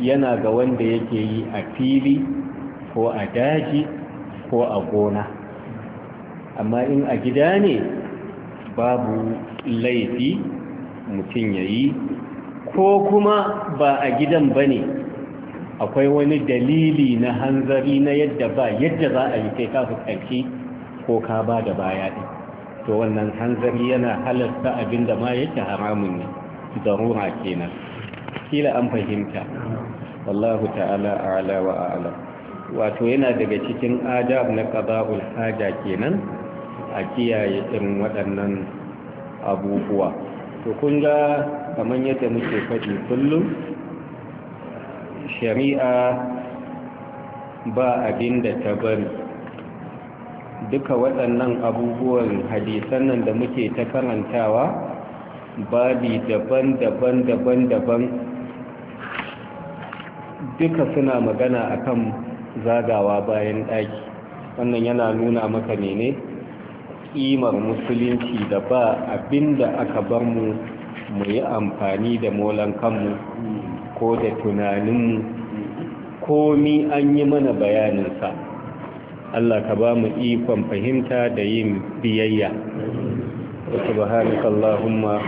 yana ga wanda yake yi a fili ko a daji ko a gona amma in a gida ne babu laifi mutum ya yi ko kuma ba a gidan ba ne akwai wani dalili na hanzari na yadda ba yadda za a yi kai ka ƙarfi ko ka ba da baya ɗin to wannan hanzari yana halarta abin da ma yake haramun ne zarura kenan kila an fahimta wallahu ta'ala a'la wa ala wato yana daga cikin adab na ƙabaul haja kenan a kiyaye irin waɗannan abubuwa to kun ga kamar yadda muke faɗi kullum shari'a ba abin da ta bari duka waɗannan abubuwan hadisan nan da muke ta karantawa babi daban-daban daban-daban duka suna magana akan zagawa bayan ɗaki wannan yana nuna maka ne ne Ƙimar musulunci da ba abinda aka bar mu mu yi amfani da molan kanmu ko da tunaninmu komi an yi mana bayaninsa Allah ka ba mu ikon fahimta da yin biyayya wa subhanaka allahumma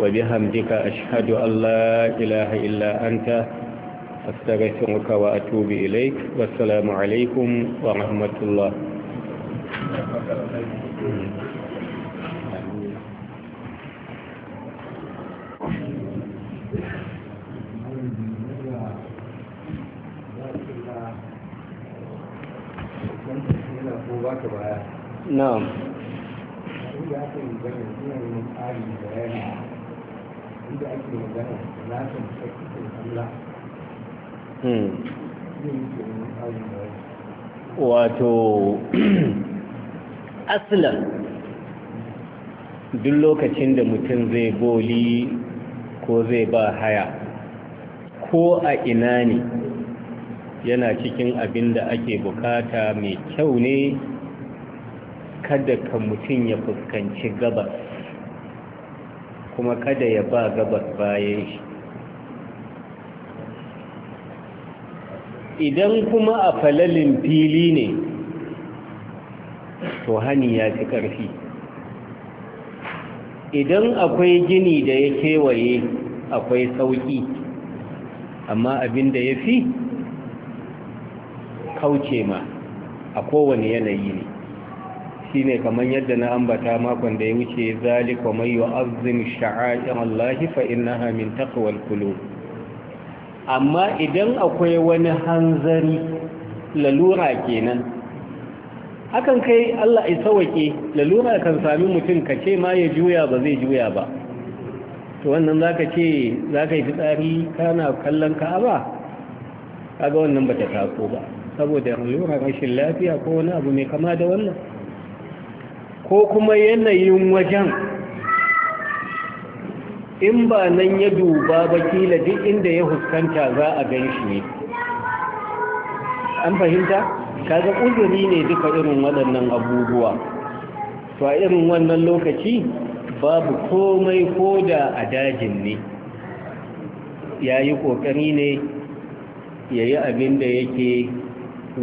wa bihamdika ashhadu an la ilaha illa anta astaghfiruka wa atubu ilaik wassalamu alaikum wa rahmatullah na'am
hmm.
wato aslan duk lokacin da mutum zai boli ko zai ba haya ko a ina ne yana cikin abin da ake bukata mai kyau ne kada ka mutum ya fuskanci gabas kuma kada ya ba gabas bayan shi idan kuma a falalin fili ne to ya fi ƙarfi idan akwai gini da ya kewaye akwai sauƙi amma abin da ya fi kauce ma a kowane yanayi ne shi ne kamar yadda na ambata makon da ya wuce zalika mai yu'azzim sha'a'ir Allah fa innaha min takawar, kulo. amma idan akwai wani hanzari lalura kenan akan kai Allah ya sauke lalura kan sami mutum ka ce ma ya juya ba zai juya ba to wannan zaka ce zaka yi fitsari kana kallon ka'aba kaga wannan bata taso ba saboda lalura rashin lafiya ko wani abu mai kama da wannan ko kuma yanayin wajen in ba nan ya duba ba kila duk inda ya huskanta za a gan shi ne an fahimta kaga uzuri ne duka irin waɗannan abubuwa to a irin wannan lokaci babu komai ko da a dajin ne ya yi ƙoƙari ne ya yi abin da yake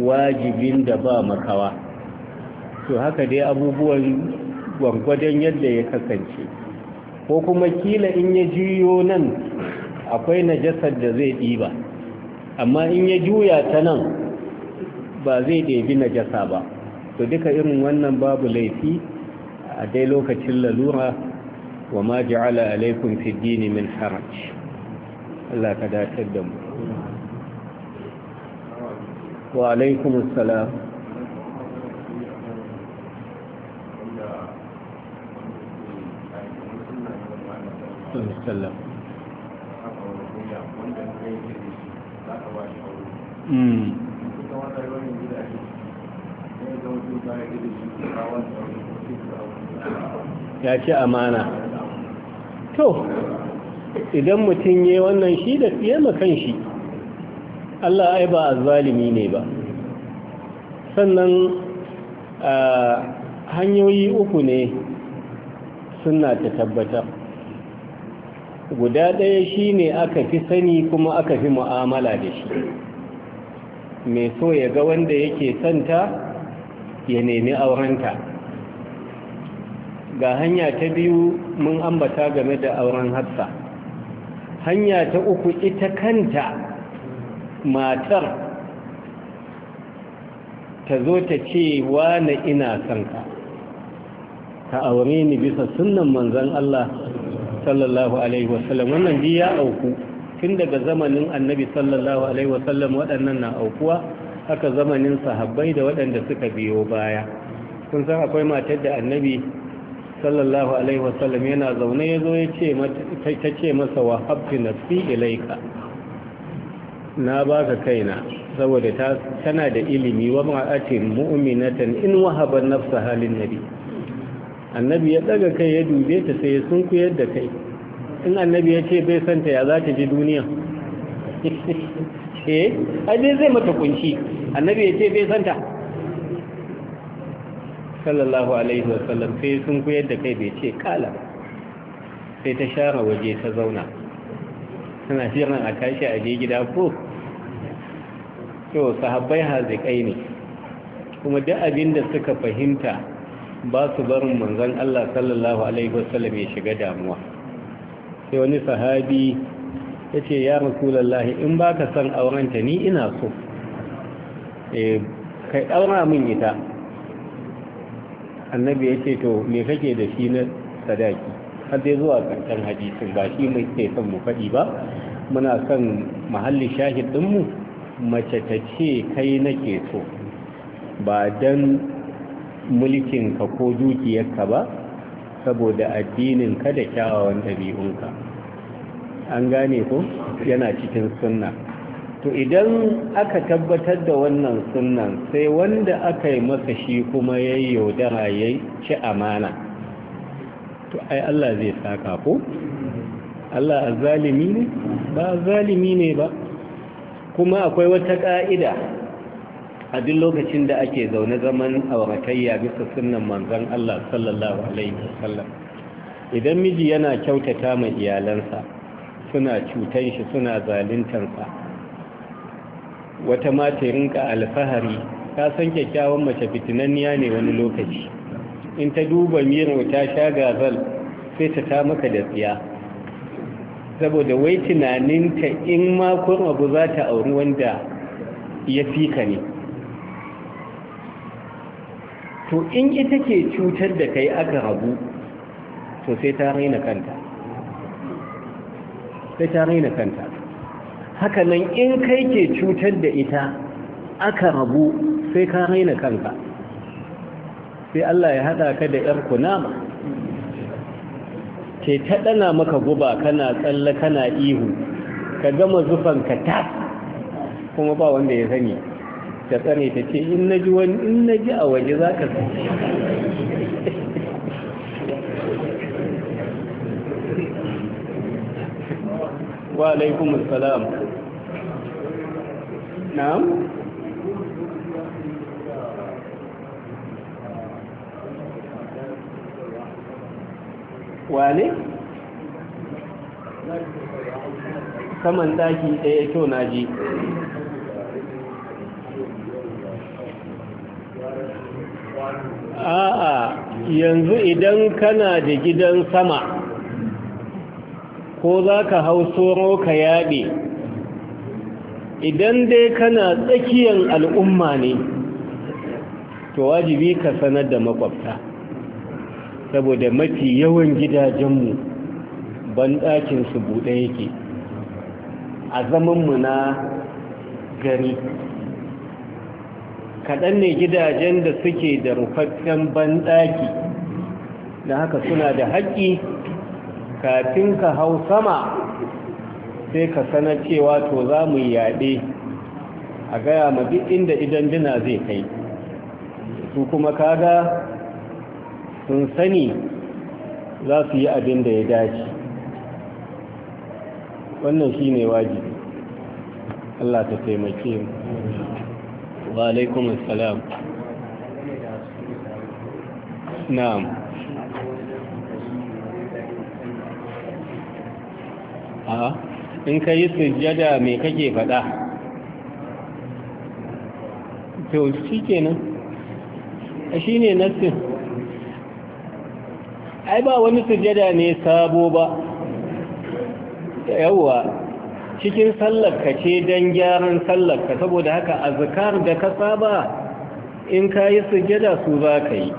wajibin da ba makawa to haka dai abubuwan gwangwadon yadda ya kasance ko kuma kila in ya juyo nan akwai najasar da zai ɗiba amma in ya juya ta nan ba zai ɗebi na jasa ba to duka irin wannan babu laifi a dai lokacin lalura wa ma ja'ala alaikum fi dini min haraj Allah ka datar da mu wa alaikum assalam
sallallahu hmm. alaihi ya
ci amana to idan mutum ya wannan shi da fiye makan shi Allah ai ba azzalimi ne ba sannan hanyoyi uku ne suna ta tabbata guda ɗaya shi ne aka fi sani kuma aka fi mu'amala da shi mai so ya ga wanda yake santa ya nemi aurenta ga hanya ta biyu mun ambata game da auren hafsa hanya ta uku ita kanta matar ta zo ta ce na ina kanka ka aure ni bisa sunan manzan Allah sallallahu alaihi wasallam wannan biya ya auku tun daga zamanin annabi sallallahu alaihi wasallam waɗannan na aukuwa haka zamanin sahabbai da waɗanda suka biyo baya kun san akwai matar da annabi sallallahu alaihi wasallam yana zaune ya zo ta ce masa wa habbi nafsi ilaika na baka kaina saboda tana da ilimi wa ma'atin mu'minatan in wahaban nafsa halin nabi annabi ya daga kai ya dube ta sai sun kuyar da kai in annabi ya ce bai santa ya za ta ji duniya eh ai zai mata kunshi annabi ya ce bai santa sallallahu alaihi wasallam sai sun koyar da kai bai ce kala sai ta share waje ta zauna tana shirin a kashi a je gida ko to sahabbai kai ne kuma duk abin da suka fahimta ba su barin manzon Allah sallallahu alaihi wasallam ya shiga damuwa sai wani sahabi ya ce ya rasulallahi in baka ka auren aurenta ni ina so eh, kai ɗaura min ita annabi ya ce to me kake da shi na sadaki har dai zuwa ƙarshen hadisin ba shi mai ke son mu faɗi ba muna son mahalli shahid ɗinmu mace ta ce kai nake so ba dan mulkin ka ko dukiyarka ba saboda addininka da kyawawan ɗabi'unka an gane ko yana cikin sunna to idan aka tabbatar da wannan sunnan sai wanda aka yi masa shi kuma ya yi yaudara ya ci amana to ai Allah zai saka ko Allah zalimi ne ba zalimi ne ba kuma akwai wata ƙa'ida a duk lokacin da ake zaune zaman auratayya bisa sunnan manzon Allah sallallahu alaihi wasallam idan miji yana kyautata ma iyalansa suna cutan shi suna zalintarsa wata mata rinka alfahari ta san kyakkyawan mace fitinanniya ne wani lokaci in ta duba miro ta sha gazal sai ta ta maka da tsiya saboda wai tunaninta in makon abu za ta auri wanda ya fika ne to in ita ke cutar da kai aka rabu to sai ta raina kanta sai ta raina kanta haka nan in kai ke cutar da ita aka rabu sai ka raina kanka sai Allah ya haɗa ka da ‘yar kunama ke taɗana maka guba kana tsalle kana ihu ka gama zufanka ta kuma ba wanda ya sani ta tsare ta ce in na wani in na a waje za ka
wa alaikum assalam na'am wane saman
daki ɗaya to na ji a'a yanzu idan kana da gidan sama ko za ka hau tsoro ka yaɗe idan dai kana tsakiyar al'umma ne to wajibi ka sanar da makwabta saboda mafi yawan gidajenmu banɗakinsu buɗe yake a zamanmu na gari kaɗan ne gidajen da suke da rufaffen banɗaki da haka suna da haƙƙi kafin ka hau sama sai ka sanar cewa to za mu yaɗe a gaya ma inda idan dina zai kai su kuma kaga sun sani za su yi abin da ya dace wannan shi ne wajibi Allah ta taimake mu wa alaikumussalam na'am a in ka yi sujjada mai kake faɗa to shi nan, shi ne nassin ai ba wani sujjada ne sabo ba yawwa cikin sallarka ce don gyaran sallarka saboda haka azkar da ka saba in ka yi sujjada su za ka yi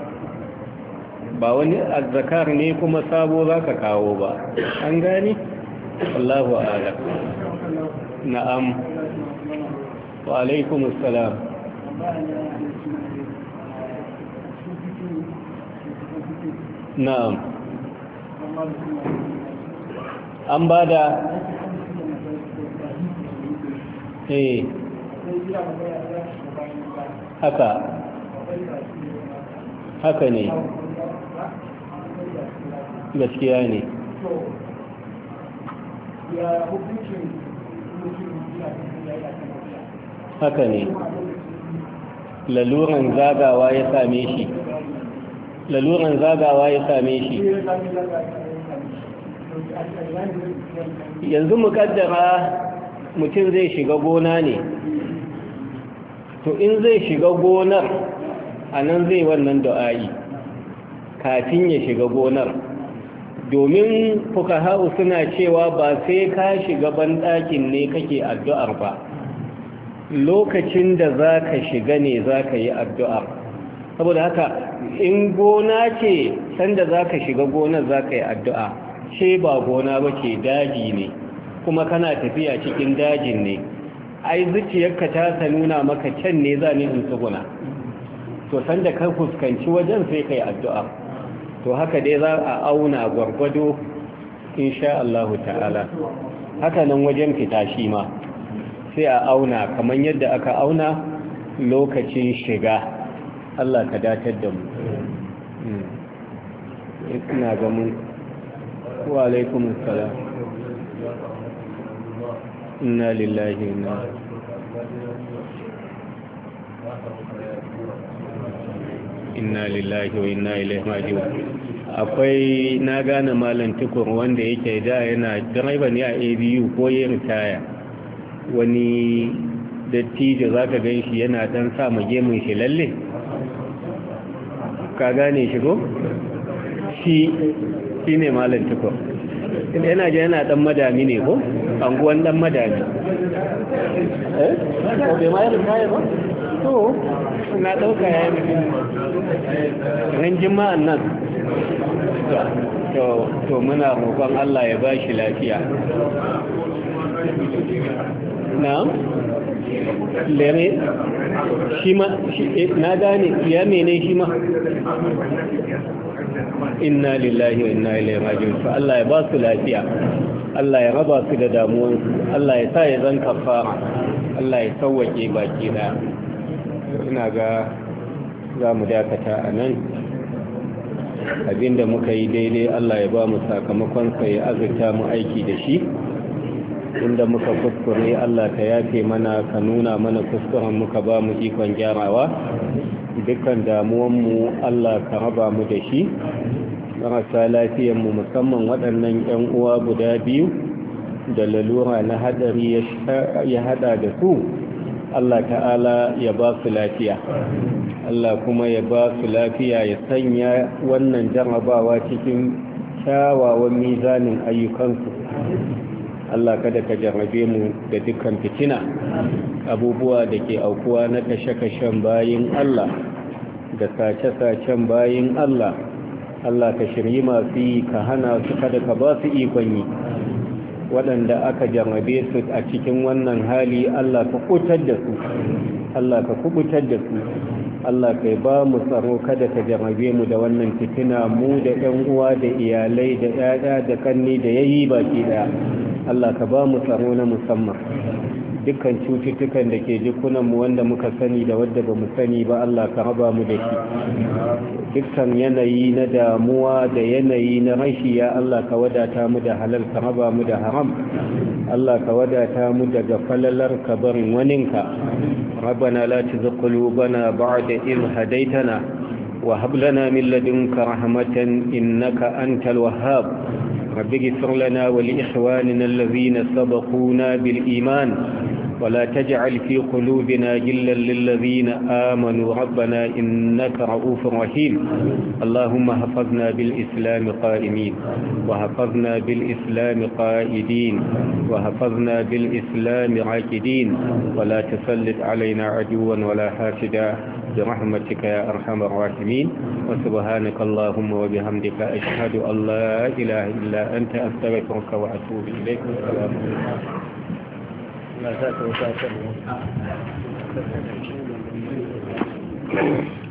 ba wani azkar ne kuma sabo za ka kawo ba an gani? Allahu a'lam
na'am wa alaikum assalam na'am an bada eh haka haka ne gaskiya ne haka ne
laluran zagawa ya same shi
laluran zagawa ya same shi yanzu mukaddara
mutum zai shiga gona ne to in zai shiga gonar a nan zai wannan da'ayi kafin ya shiga gonar domin hau suna cewa ba sai ka shiga banɗakin ne kake addu'ar ba lokacin da za ka shiga ne za ka yi addu'ar saboda haka in gona ce sanda za ka shiga gona za ka yi addu'a ce ba gona ba ke daji ne kuma kana tafiya cikin dajin ne ai zuciyarka ta sa nuna maka can ne za ni in tsuguna to sanda ka fuskanci wajen sai ka yi addu'a to haka dai za a auna gwargwado insha Allah ta'ala haka nan wajen fita shi ma sai a auna kamar yadda aka auna lokacin shiga Allah ka datar da mu hmm. ina ga mun
wa alaikum assalam
inna lillahi inna inna lillahi wa inna ilaihi raji'un akwai na gane malam tukur wanda yake da yana driver ne a abu ko ya ritaya wani dattijo za ka gan shi yana dan sa mu mun shi lalle ka gane shi ko shi shi ne malam tukur yana ji yana dan madami ne ko anguwan dan madami
eh ko bai ma ya ritaya ba to na ɗauka ya yi
ran jima'an nan to muna roƙon Allah ya ba shi lafiya na lere shi ma eh, na gane ya mene shi ma inna lillahi wa inna ilaihi raji'un to Allah ya ba su lafiya Allah ya raba su da damuwansu Allah ya sa ya zan kafara Allah ya sauwake baki daya ina ga za mu dakata a nan abinda muka yi daidai Allah ya ba mu ka ya azurta mu aiki da shi inda muka kuskure Allah ta yafe mana ka nuna mana kuskuren muka ba mu ikon gyarawa dukkan damuwanmu Allah ka raba mu da shi marasa mu musamman waɗannan 'yan uwa guda biyu da lalura na hadari ya hada da su Allah ta'ala ya ba su lafiya Allah kuma ya ba su lafiya ya sanya wannan jarabawa cikin kyawawan mizanin ayyukansu Allah kada ka jarrabe mu da dukkan fitina abubuwa da ke aukuwa na kashe-kashen bayin Allah da sace-sacen bayin Allah Allah ka shirye masu yi ka hana su kada ka ba su ikon yi waɗanda aka jarrabe su a cikin wannan hali Allah ka kutar da su Allah ka kubutar da su Allah ka ba mu tsaro kada ka jarrabe mu da wannan fitina mu da ƴan uwa da iyalai da ƴaƴa da kanni da yayi baki daya Allah ka ba mu tsaro na musamman dukkan cututtukan da ke jikunanmu wanda muka sani da wadda ba mu sani ba Allah ka haba mu da shi dukkan yanayi na damuwa da yanayi na rashi ya Allah ka wadata mu da halal ka haba mu da haram Allah ka wadata mu daga falalar ka barin waninka rabbana la tuzigh qulubana ba'da tana. hadaytana وهب لنا من لدنك رحمة إنك antal الوهاب رب اغفر لنا ولإخواننا الذين سبقونا بالإيمان ولا تجعل في قلوبنا جلا للذين آمنوا ربنا إنك رؤوف رحيم اللهم حفظنا بالإسلام قائمين وحفظنا بالإسلام قائدين وحفظنا بالإسلام عاكدين ولا تسلط علينا عدوا ولا حاسدا برحمتك يا أرحم الراحمين وسبحانك اللهم وبحمدك أشهد أن لا إله إلا أنت أستغفرك وأتوب إليك والسلام
عليكم Thank you.